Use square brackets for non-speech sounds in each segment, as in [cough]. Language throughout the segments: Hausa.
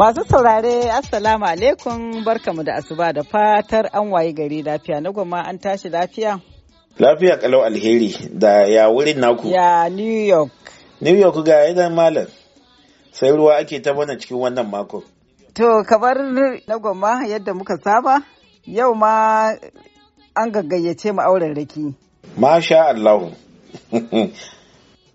Masu saurare Assalamu alaikum barkamu da asuba da fatar an wayi gari lafiya na gwamma an tashi lafiya. Lafiya kalau alheri da ya wurin naku. Ya New York. New York ga idan malam sai ruwa ake ta mana cikin wannan mako. To kamar na gwamma yadda muka saba yau ma an gaggayyace mu raki. Masha Allahu. [laughs]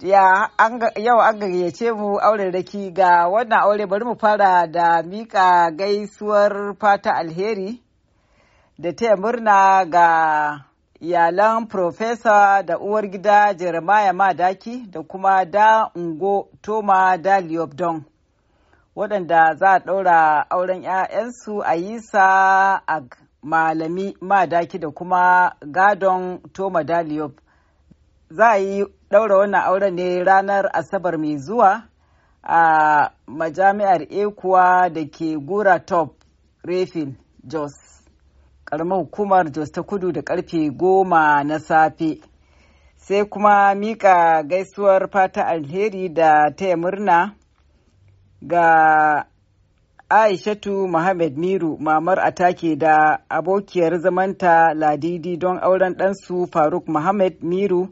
ya yau an gayyace mu auren raki ga wannan aure bari mu fara da mika gaisuwar fata alheri da taya murna ga iyalan profesa da uwar gida jeremiah madaki da kuma da ungo toma da liobdon waɗanda za a ɗaura auren 'ya'yansu a yisa a malami madaki da kuma gadon toma da liob za a yi daura wannan auren ne ranar asabar mai zuwa a majami'ar ekuwa da ke gura top refin jos karamar hukumar jos ta kudu da karfe goma na safe sai kuma mika gaisuwar fata alheri da taya murna ga aishatu muhammad miru mamar atake da abokiyar zamanta ladidi don auren ɗansu faruk muhammad miru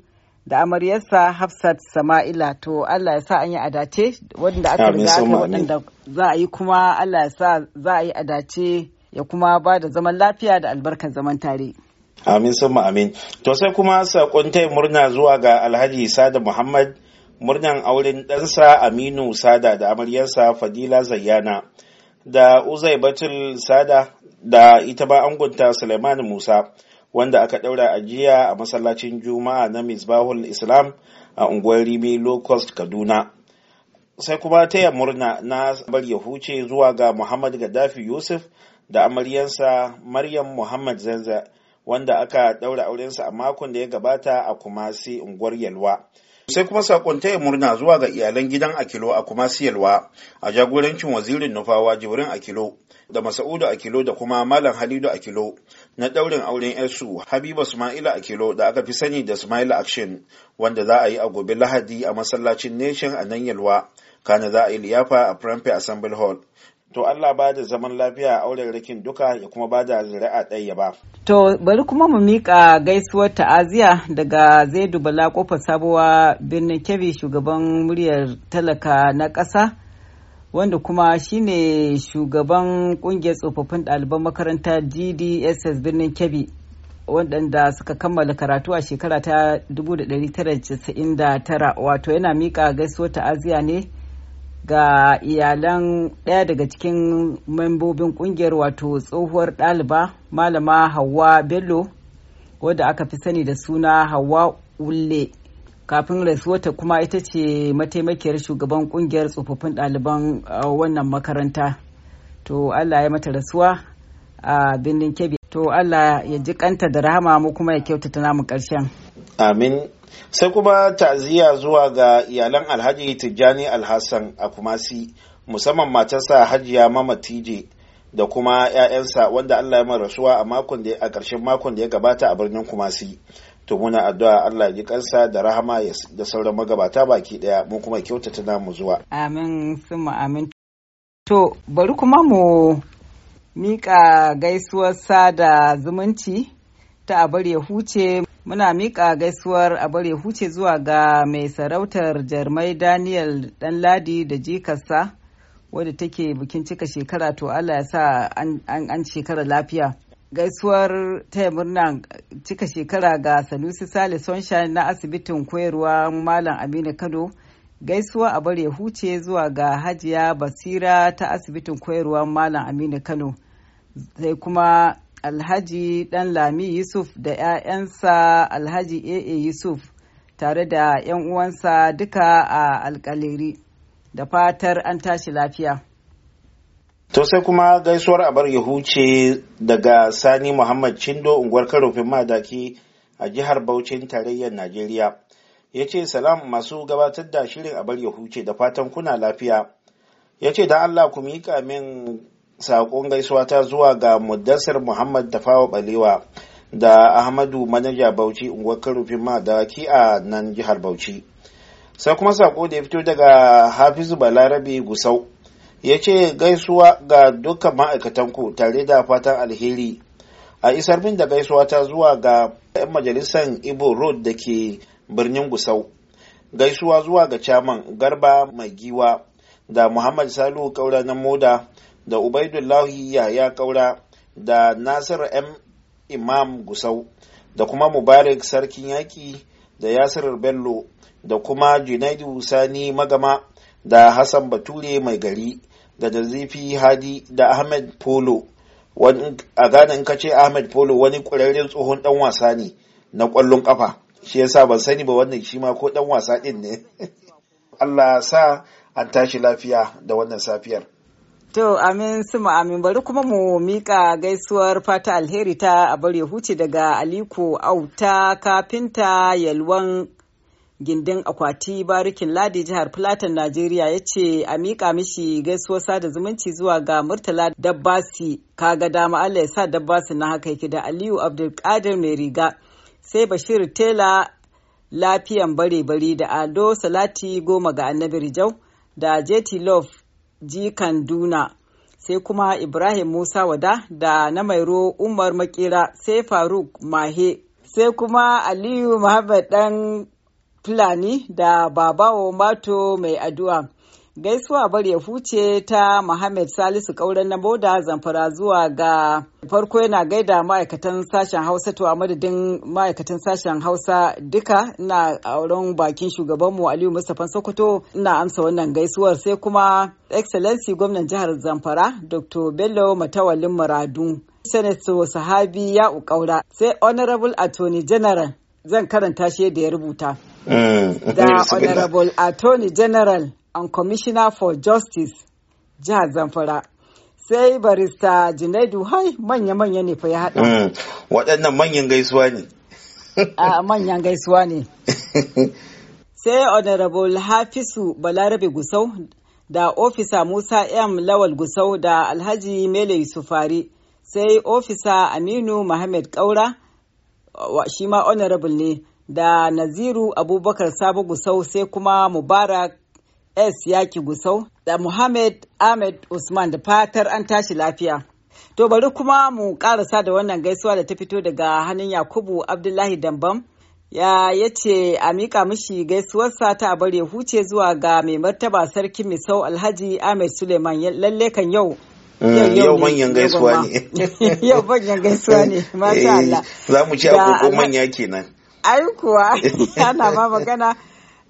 da amaryarsa Hafsat Sama'ila to Allah ya sa an yi adace wanda aka riga aka waɗanda za a yi kuma Allah ya sa za a yi adace ya kuma ba da zaman lafiya da albarkar zaman tare. Amin sun amin. To sai kuma saƙon murna zuwa ga Alhaji Sada Muhammad murnan auren ɗansa Aminu Sada da amaryarsa Fadila Zayyana da Uzai Batul Sada da ita ba angunta Suleiman Musa. wanda aka daura a jiya a masallacin juma'a na misbahul islam a unguwar rimi low cost kaduna sai kuma taya murna na bar ya huce zuwa ga muhammad gaddafi yusuf da amaryansa maryam muhammad zanza wanda aka daura aurensa a makon da ya gabata a kumasi unguwar yalwa sai kuma sakon taya murna zuwa ga iyalan gidan akilo a kuma siyalwa a jagorancin wazirin nufawa jibrin akilo da masa'udu akilo da kuma malam halidu akilo na daurin auren yarsu habiba sumaila akilo da aka fi sani da sumaila action wanda za a yi a gobe lahadi a masallacin nation a nan yalwa kana za a yi liyafa a Prampe Assembly Hall to Allah ba da zaman lafiya a auren rikin duka ya kuma ba da zuri'a ɗaya ba. To bari kuma mu miƙa gaisuwar ta'aziya daga Zaidu Bala kofar sabuwa birnin Kebbi shugaban muryar talaka na ƙasa wanda kuma shine shugaban ƙungiyar tsofaffin ɗaliban makaranta GDSS birnin Kebbi waɗanda suka kammala karatu a shekara ta 1999 wato yana miƙa gaisuwar ta'aziya ne. ga iyalan ɗaya daga cikin membobin ƙungiyar wato tsohuwar ɗaliba malama hawa bello wadda aka fi sani da suna hawa ulle kafin rasuwata kuma ita ce mataimakiyar shugaban ƙungiyar tsofaffin ɗaliban wannan makaranta to allah ya mata rasuwa a birnin kebe to allah ya ji kanta da rahama mu kuma ya kyautata namu ƙarshen amin sai kuma ta'aziyya zuwa ga iyalan alhaji tijjani alhassan a kumasi musamman matarsa hajiya mama da kuma 'ya'yansa wanda allah ya rasuwa a makon da a ƙarshen makon da ya gabata a birnin kumasi to muna addu'a allah ya ji kansa da rahama da sauran magabata baki daya mu kuma kyautata namu zuwa amin summa amin to bari kuma mu mika gaisuwar sada zumunci ta abar ya huce Muna mika gaisuwar a bare huce zuwa ga mai sarautar jarmai Daniel Ɗanladi da jikarsa wadda take bikin cika shekara to Allah ya sa an shekara lafiya. Gaisuwar taya murna cika shekara ga Sanusi Sale Sunshine na asibitin koyarwa Malam Aminu Kano. Gaisuwa a bare huce zuwa ga Hajiya Basira ta asibitin koyarwa Malam Aminu Kano. Sai kuma alhaji dan lami yusuf da 'ya'yansa alhaji aa yusuf tare da 'yan uwansa duka a alkaleri da fatar an tashi lafiya to sai kuma gaisuwar abar yahuce daga sani muhammad cindo unguwar karofin madaki a jihar Bauchin tarayyar najeriya ya ce salam masu gabatar da shirin abar yahuce da fatan kuna lafiya ya ce da allah ku mika min saƙon gaisuwa ta zuwa ga mudassar muhammad tafawa balewa da ahmadu manaja bauchi unguwar karufin ki a nan jihar bauchi sai kuma saƙo da ya fito daga hafizu balarabe gusau ya ce gaisuwa ga dukkan ma'aikatanku tare da fatan alheri a isar min da gaisuwa ta zuwa ga 'yan majalisar ibo road da ke birnin gusau gaisuwa zuwa ga caman garba mai giwa da muhammad salu kaura na moda da ubaidullahi yaya kaura da nasir m imam gusau da kuma mubarak sarkin yaƙi da yasir bello da kuma junaidu sani magama da hassan bature mai gari da jazifi hadi da ahmed polo a gane in ka ce ahmed polo wani ƙwararren tsohon ɗan wasa ne na ƙwallon ƙafa shi yasa ban sani ba wannan shi ma ko ɗan wasa ɗin ne [laughs] allah sa an tashi lafiya da wannan safiyar To amin su amin bari kuma mu mika gaisuwar fata alheri ta a bari huce daga Aliko Auta kafinta yalwan gindin akwati barikin ladi jihar Filatan Najeriya ya ce a mika mishi gaisuwar sada zumunci zuwa ga Murtala Dabbasi kaga dama Allah ya sa Dabbasi na haka yake da Aliyu Abdulkadir mai riga sai Bashir Tela lafiyan bare bari da Ado Salati goma ga Annabi Rijau da JT Love jikan duna sai kuma ibrahim musa wada da na mairo umar makera sai faruk mahe sai kuma aliyu muhammad dan fulani da babawo mato mai addu'a gaisuwa bar ya huce ta muhammad salisu kauran na boda zamfara zuwa ga farko yana gaida ma'aikatan sashen hausa to a madadin ma'aikatan sashen hausa duka na auren bakin shugabanmu aliyu mustapha sokoto ina amsa wannan gaisuwar sai kuma excellency gwamnan jihar zamfara dr bello matawalin maradu senator sahabi ya ukaura sai honorable attorney general zan karanta shi da ya rubuta eh. da [laughs] honorable attorney general and commissioner for justice jihar zamfara sai barista Junaidu hai manya-manya ne fa ya haɗa. Mm, waɗannan manyan gaisuwa ne. A manyan gaisuwa ne. [laughs] Sai Honorable Hafisu Balarabe Gusau da Ofisa Musa M. Lawal Gusau da Alhaji Mele Yusufari sai Ofisa Aminu Mohammed Kaura shi ma Honorable ne da Naziru Abubakar Sabo Gusau sai kuma Mubarak S. Yaki Gusau da Muhammad Ahmed Usman da fatar an tashi lafiya. To bari kuma mu karasa da wannan gaisuwa da ta fito daga hannun Yakubu Abdullahi Dambam. Ya ce a miƙa mishi gaisuwarsa ta bare huce zuwa ga mai martaba sarki Misau Alhaji Ahmed Suleiman lalle kan yau eh, [laughs] yau manyan gaisuwa ne yau [laughs] eh, manyan gaisuwa ne mata Allah za mu ci abubuwan manya kenan ai [laughs] ana ma magana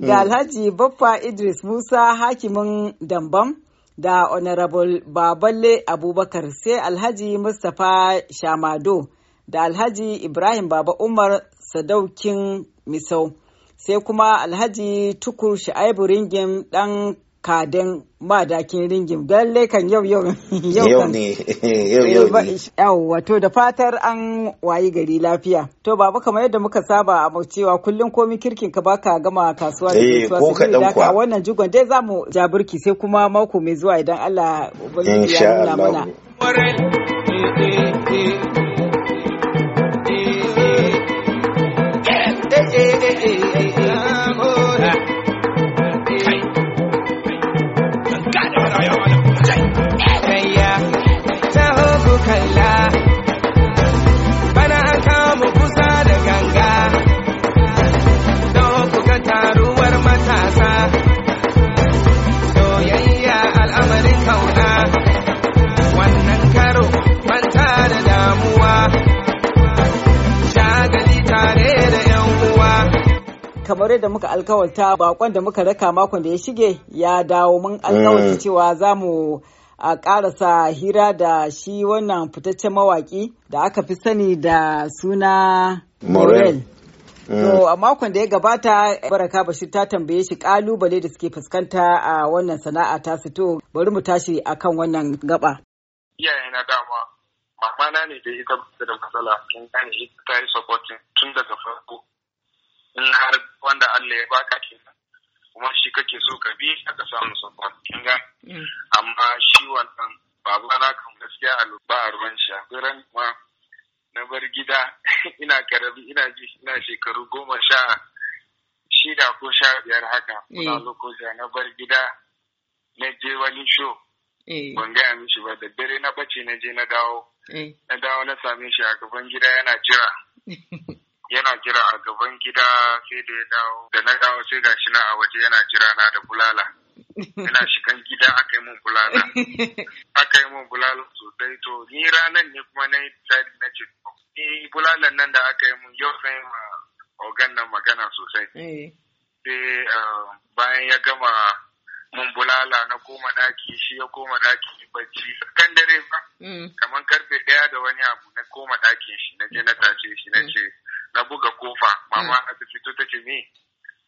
da mm. Alhaji Baffa Idris Musa hakimin Dambam da Honorable Baballe Abubakar sai Alhaji Mustapha Shamado da Alhaji Ibrahim Baba Umar Sadaukin Misau sai kuma Alhaji Tukur Sha'ibu ringin ɗan kadin madakin ringin lalle kan yau yau yau ne yau yau ne wato da fatar an wayi gari lafiya to babu kamar yadda muka saba a cewa kullum komi kirkin ka baka gama kasuwa da kasuwa ko da kwa wannan jigon dai zamu jabirki sai kuma mako mai zuwa idan Allah ya nuna mana kamar yadda muka alkawarta bakon da muka raka makon da ya shige ya dawo mun alkawarta mm. cewa za mu karasa hira da shi wannan fitaccen mawaki da aka fi sani da suna morel To mm. a makon da ya gabata baraka bashir ta tambaye shi kalubale da suke fuskanta a wannan sana'a ta to bari mu tashi akan wannan gaba. Iyaye na dama mamana ne da ita da matsala kin gane ita ta yi supporting tun daga farko in har wanda Allah ya baka kenan kuma shi kake so ka bi aka samu support kin ga mm. amma shi wannan babu ana kan gaskiya a ba a ruwan shi ran ma na bar gida [laughs] ina karabi ina ji ina shekaru goma sha shida ko sha biyar haka kuna mm. lokoja na bar gida na je wani show mm. ban gaya mishi ba da dare na bace na je na dawo na dawo na same shi a gaban gida yana jira [laughs] yana jira a gaban gida sai da ya dawo da na dawo sai shi na a waje yana jira na da bulala ina [laughs] shigan gida aka yi mun bulala aka yi mun bulala sosai to ni ranar ne kuma na yi tsari na ce ni bulalan nan da aka yi mun yau sai ma ogan nan magana sosai eh. sai eh, bayan ya gama mun bulala na koma daki shi ya koma daki bacci sakan ba mm. kamar karfe ɗaya da wani abu na koma ɗakin shi na je na magana ta fito ta ni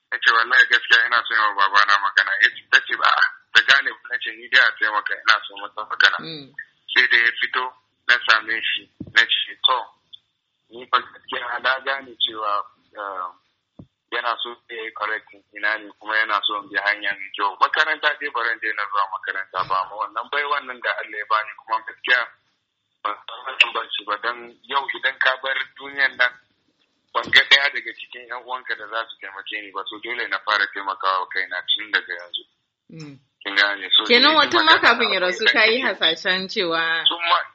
ta ce wallahi gaskiya ina son yawa babana magana ya ce ta ce ba ta gane na ce ni dai a taimaka ina son mata magana mm. sai da ya fito na same shi na ce to ni fa gaskiya na gane cewa eh, yana so ya yi correcting ina ne kuma yana so bi hanya mai kyau makaranta dai baran dai na zuwa daga cikin yan uwanka da za su taimake ni ba to dole na fara taimakawa kaina tun daga yanzu mm. kenan wata ma kafin ya rasu ka yi hasashen cewa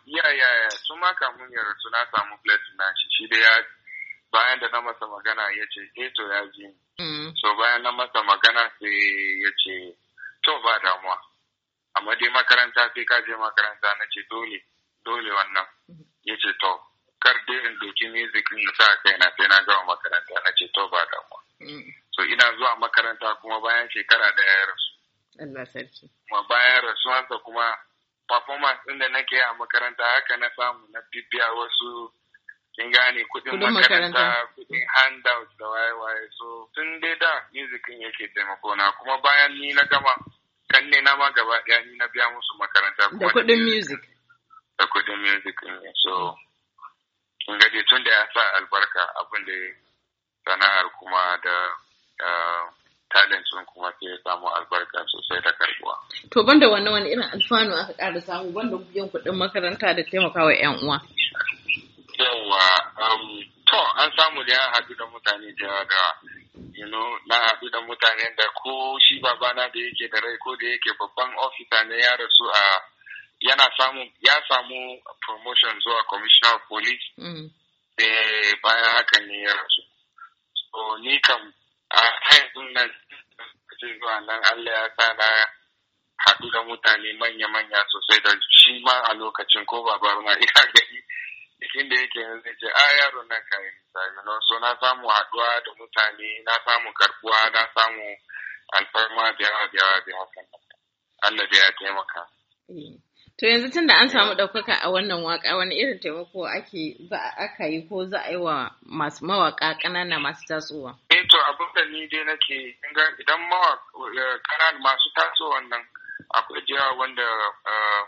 ya ya ya sun ma kafin ya rasu na samu blessing na shi shi da ya bayan da na masa magana ya ce eh to ya ji mm. so bayan na masa magana sai ya ce to ba damuwa amma dai makaranta sai ka je makaranta na ce dole dole wannan mm. ya ce to kar dai in doki music in sa kai na sai na gama makaranta na ce to ba damuwa mm. so ina zuwa makaranta kuma bayan shekara daya ya rasu Allah sarki kuma bayan rasuwansa kuma performance din da nake a makaranta haka na samu na bibiya wasu kin gane kudin makaranta kudin handout da waye-waye so tun dai da music yake taimakona kuma bayan ni na gama kan ne na ma gaba daya ni na biya musu makaranta da kudin music da kudin music so kun ga tun da ya sa albarka abin da sana'ar kuma da eh, talent sun kuma sai ya samu albarka sosai da karbuwa. To banda wannan wani irin alfanu aka ƙara samu banda biyan kuɗin makaranta da taimakawa 'yan uwa. Yawwa, um, to an samu da ya haɗu da mutane da yawa da you na haɗu da mutane da ko shi babana da yake da rai ko da yake babban ofisa ne ya rasu a yana samu ya samu promotion zuwa commissioner of police da mm. eh, bayan hakan ne ya rasu so ni kam a na nan zuwa nan allah ya sa na haɗu da mutane manya-manya sosai da shi ma a lokacin ko babar ma [laughs] ina gani jikin da yake yanzu ce a ah, yaro nan kayan yi misali so na samu haɗuwa da mutane na samu karbuwa na samu alfarma da yawa da yawa da haka Allah da ya taimaka. Mm. To yanzu tun da an samu ɗaukaka a wannan waka wani irin taimako ake za aka yi ko za a yi wa masu mawaƙa ƙanana masu tasowa? Eh to abin da ni dai nake idan eh, ƙanan masu tasowa nan akwai jiya wanda eh,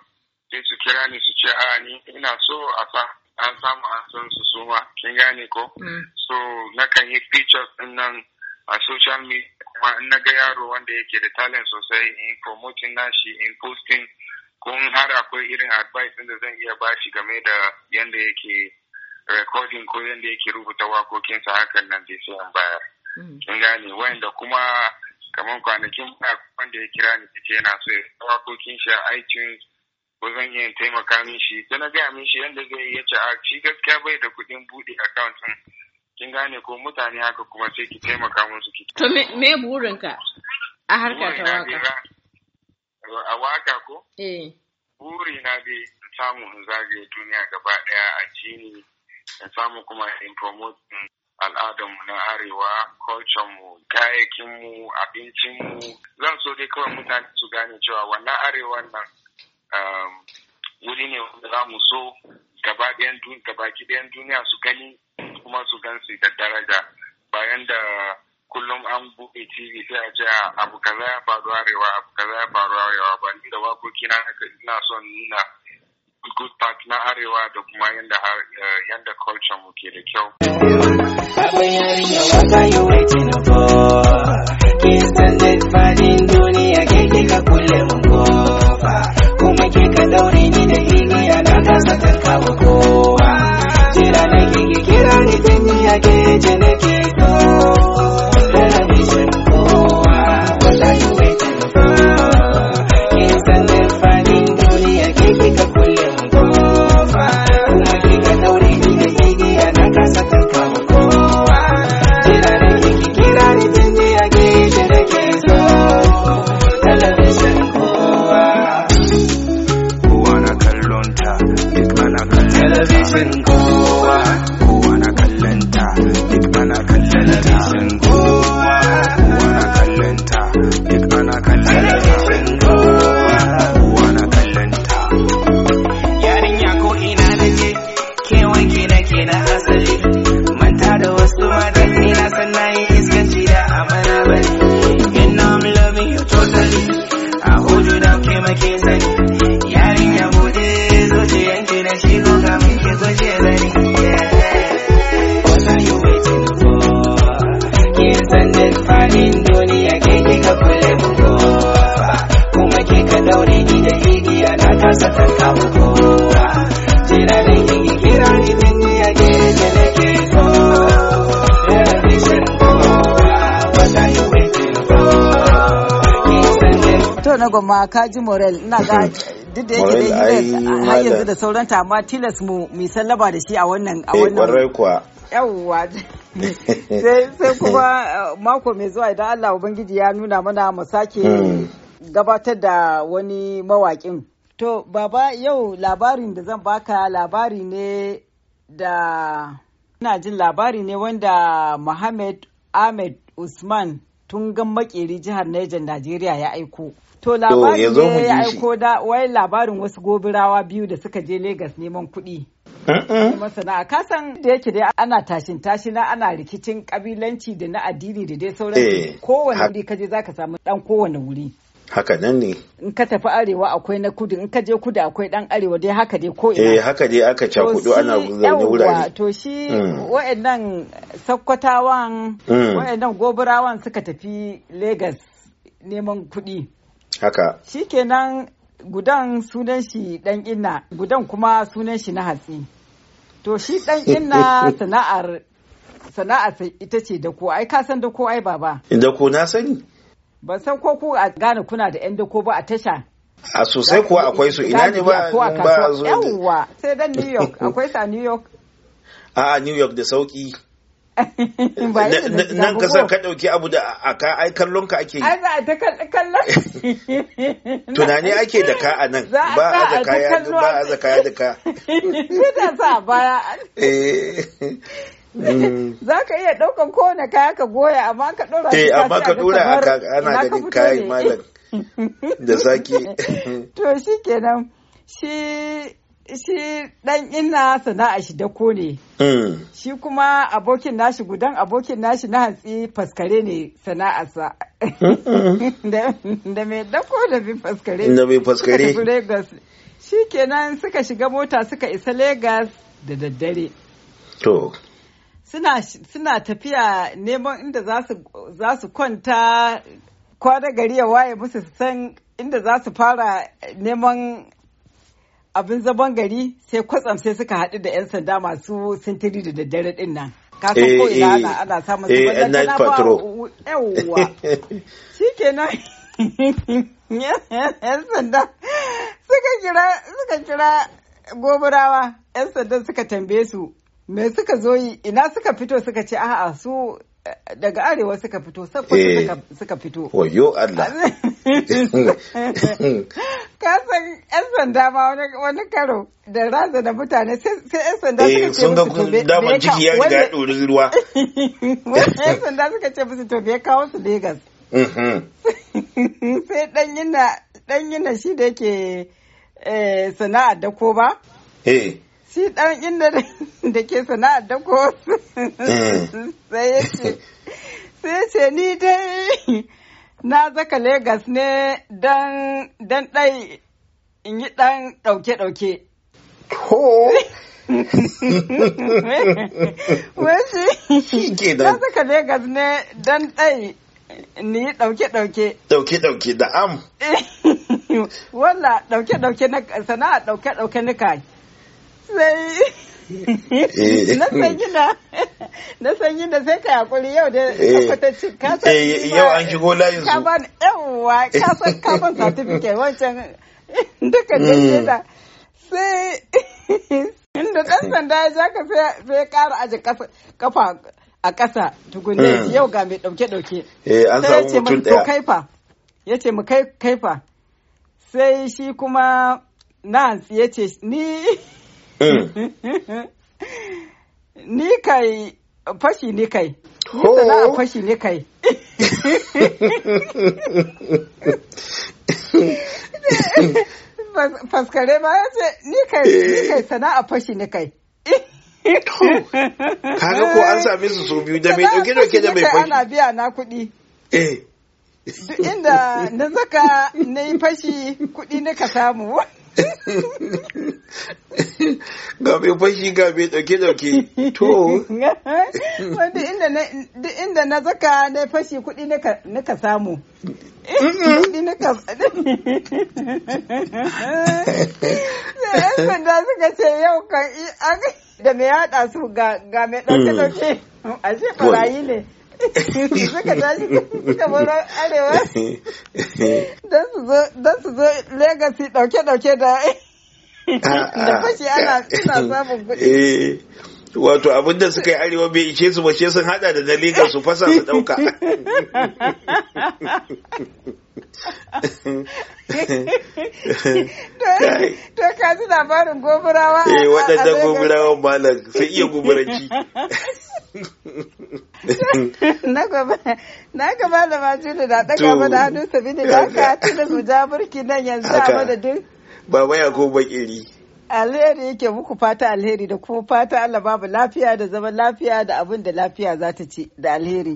sai su kira ni su ce a ni ina so a sa, an samu an san su suma kin gane ko? Mm. So nakan yi features ɗin nan a social media kuma in na ga yaro wanda yake da talent sosai in promoting nashi in posting kun har akwai irin advice da zan iya bashi game da yadda yake recording ko yadda yake rubuta wakokinsa hakan nan dai sai an bayar. Hmm. Kin gane wanda kuma kamar kwanakin baya wanda ya kira ni ce yana so ya wakokin shi a iTunes ko zan iya taimaka min shi ta na gaya min shi yadda zai iya ce a shi gaskiya bai da kuɗin buɗe account din. Kin gane ko mutane haka kuma sai ki taimaka musu ki. To me burinka a harkar ta waka? a waka ko? Eh. Buri na dai samu in zage duniya gaba daya a jini in samu kuma in promote al'adarmu na arewa, mu kayakinmu, abincinmu. Zan so dai kawai mutane su gane cewa wannan arewa nan um, wuri ne za mu so gabaki ɗayan duniya su gani kuma su gan su da daraja bayan da kullum an buɗe TV sai a ce ah, abu kaza ya faru arewa abu kaza ya faru arewa ba ni da wakoki na haka ina son nuna good part na arewa da kuma yanda eh, yanda culture mu ke da kyau. Kuma ke kowa. Jira na kike kira ni dan ni a na goma kaji morel ina ga [laughs] duk da yake da har yanzu da sauran ta amma tilas mu mu sallaba da shi a wannan a eh, wannan kwarai kuwa yawwa [laughs] sai kuma eh, mako mai zuwa idan Allah ubangiji ya nuna mana mu sake hmm. gabatar da wani mawakin to baba yau labarin da zan baka labari ne da ina jin labari ne wanda Muhammad Ahmed Usman tun gan makeri jihar Niger Najeriya ya aiko. To labarin ne ya aiko da wai labarin wasu gobirawa biyu da suka je Legas neman kuɗi. Masana'a kasan da yake dai ana tashin tashina ana rikicin kabilanci da na addini da dai sauran eh, kowane wuri kaje zaka samu dan kowane wuri. haka nan ne in ka tafi arewa akwai na kudu in ka je kudu akwai dan arewa dai haka dai ko ina eh haka dai aka kudu ana zaune wurare to shi mm. wa'annan sakkwatawan mm. wa'annan gobirawan suka tafi Legas neman kuɗi haka shikenan gudan sunan shi dan inna gudan kuma sunan shi na hatsi to shi dan [laughs] inna sana'ar sana'ar ita ce da ko ai ka san da ko ai baba da ko na sani ban san ko ku a gane kuna da yan ko ba a tasha a sosai kuwa akwai su ina ne ba ba yawwa sai dan new york [laughs] akwai sa new york a new york da sauki [laughs] nan kasar ka ɗauki abu da a ka ai kallon ka ake yi A za a ta kallon [laughs] tunani ake da ka a nan [laughs] ba a da kaya ba a za kaya da ka sai sa baya eh. za ka iya ɗaukan kowane kaya ka goya amma ka ɗora eh amma ka ɗora a ana ganin kayan malam da zaki to shi kenan shi shi dan ina sana'a shi dako ne. Hmm. Shi kuma abokin nashi gudan abokin nashi na hantsi faskare ne sana'arsa. Hmm. [laughs] Da mai dako da bi faskare. Da bi faskare. Lagos. Shi kenan suka shiga mota suka isa Lagos da daddare. To. Suna tafiya neman inda za su kwanta kwana gari ya waye musu san inda za su fara neman abin zaban gari sai kwatsam sai suka haɗu da 'yan sanda masu sintiri da daddare din nan. Kasan eh, ko ina eh, ana ana samun su eh, ba na ba yawwa. Shi kenan 'yan sanda suka kira suka kira gobarawa 'yan sanda suka tambaye su me suka zo yi ina suka fito suka ce a'a su daga arewa suka fito saboda eh. suka fito wayo Allah [laughs] kasan yan sanda ma wani karo da raza da mutane sai yan sanda suka eh, ce musu sun ga daman ciki ya riga ya dori ruwa yan [laughs] sanda suka ce musu to ya kawo su Legas mm-hmm. [laughs] sai dan yana dan yana shi da yake eh, sana'ar da ko ba eh shi dan inda da ke sana'ar da ko sai ya ce sai ce ni dai na zaka Legas ne dan dan dai in yi dan dauke-dauke. Ko? [laughs] Wai shi ke da. Na zaka Legas ne dan dai ni yi dauke-dauke. Dauke-dauke da am. [laughs] Wala dauke-dauke na sana'a dauke-dauke ni kai. sai eh. na san yi na san gida sai ka yakuri yau da tabbatacci ka eh. kasa. Eh, yau an shigo layin su ka ban yawwa ka san ka [laughs] certificate wancan [laughs] duka daidai mm. da sai inda dan sanda ya ja ka sai kara aji kafa a ƙasa tukunne mm. yau ga mai ɗauke-ɗauke. Sai ya ce mu to kaifa, ya ce mu kaifa. Sai shi kuma na ya ce ni Mm. [laughs] Ni kai fashi ni kai. Ni sana'a fashi ni kai. [laughs] Faskare ma ya ce ni kai eh. sana'a fashi ni kai. Kaga ko an sami su su biyu da mai ɗauke dauke da mai fashi. Ana biya na kuɗi. Eh. Duk inda na zaka na yi fashi kuɗi na ka samu. Ga gabe fashi ga gabe dauke dauke to [laughs] wanda inda na zaka na fashi kudi na ka samu kudi na ka yan sanda suka ce yau kan da mai yada su ga mai dauke dauke mm. ashe barayi ne suka arewa don su zo legacy dauke-dauke ah, ah. da fashi ana samun kuɗi eh. wato abinda suka yi arewa bai ishe su ba sun hada da na su fasa su dauka [laughs] to ka ji labarin goburawa eh waɗannan goburawan malam sai iya goburanci [laughs] na gaba da masu da na ɗaga da hannu sabi da aka ka tuna mu ja nan yanzu a madadin baba ya ko bakiri alheri yake muku fata alheri da kuma fata Allah babu lafiya da zaman lafiya da abin da lafiya za ta ci da alheri.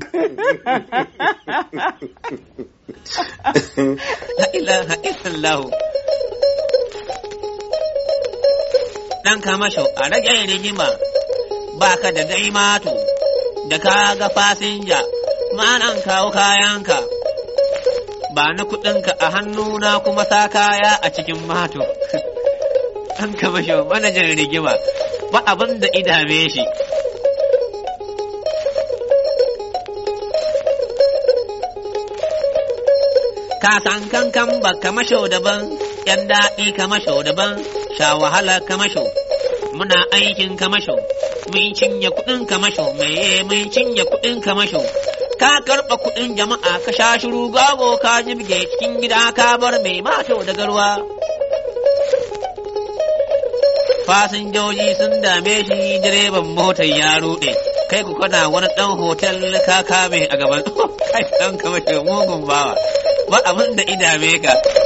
Dan kama shau a rage rigima ba ka da mato da ka ga fasinja ma'anan kawo kayanka ba na kuɗinka a hannuna kuma sa kaya a cikin mato. [laughs] An ɗan kamasho manajan rigima ba abin da idame shi Ka san kankan ba kamasho daban yan daɗi kamasho daban sha wahala kamasho muna aikin kamasho mun cinye kuɗin kamasho yi mun cinye kuɗin kamasho ka karɓa kuɗin jama'a ka sha shiru gago ka jibge cikin gida ka bar mai mato da garwa. fasinjoji sun dame shi direban motar ya rude kai ku kana wani ɗan hotel kaka mai a gaban [laughs] kai dan kamar mugun bawa ba abin da idame ka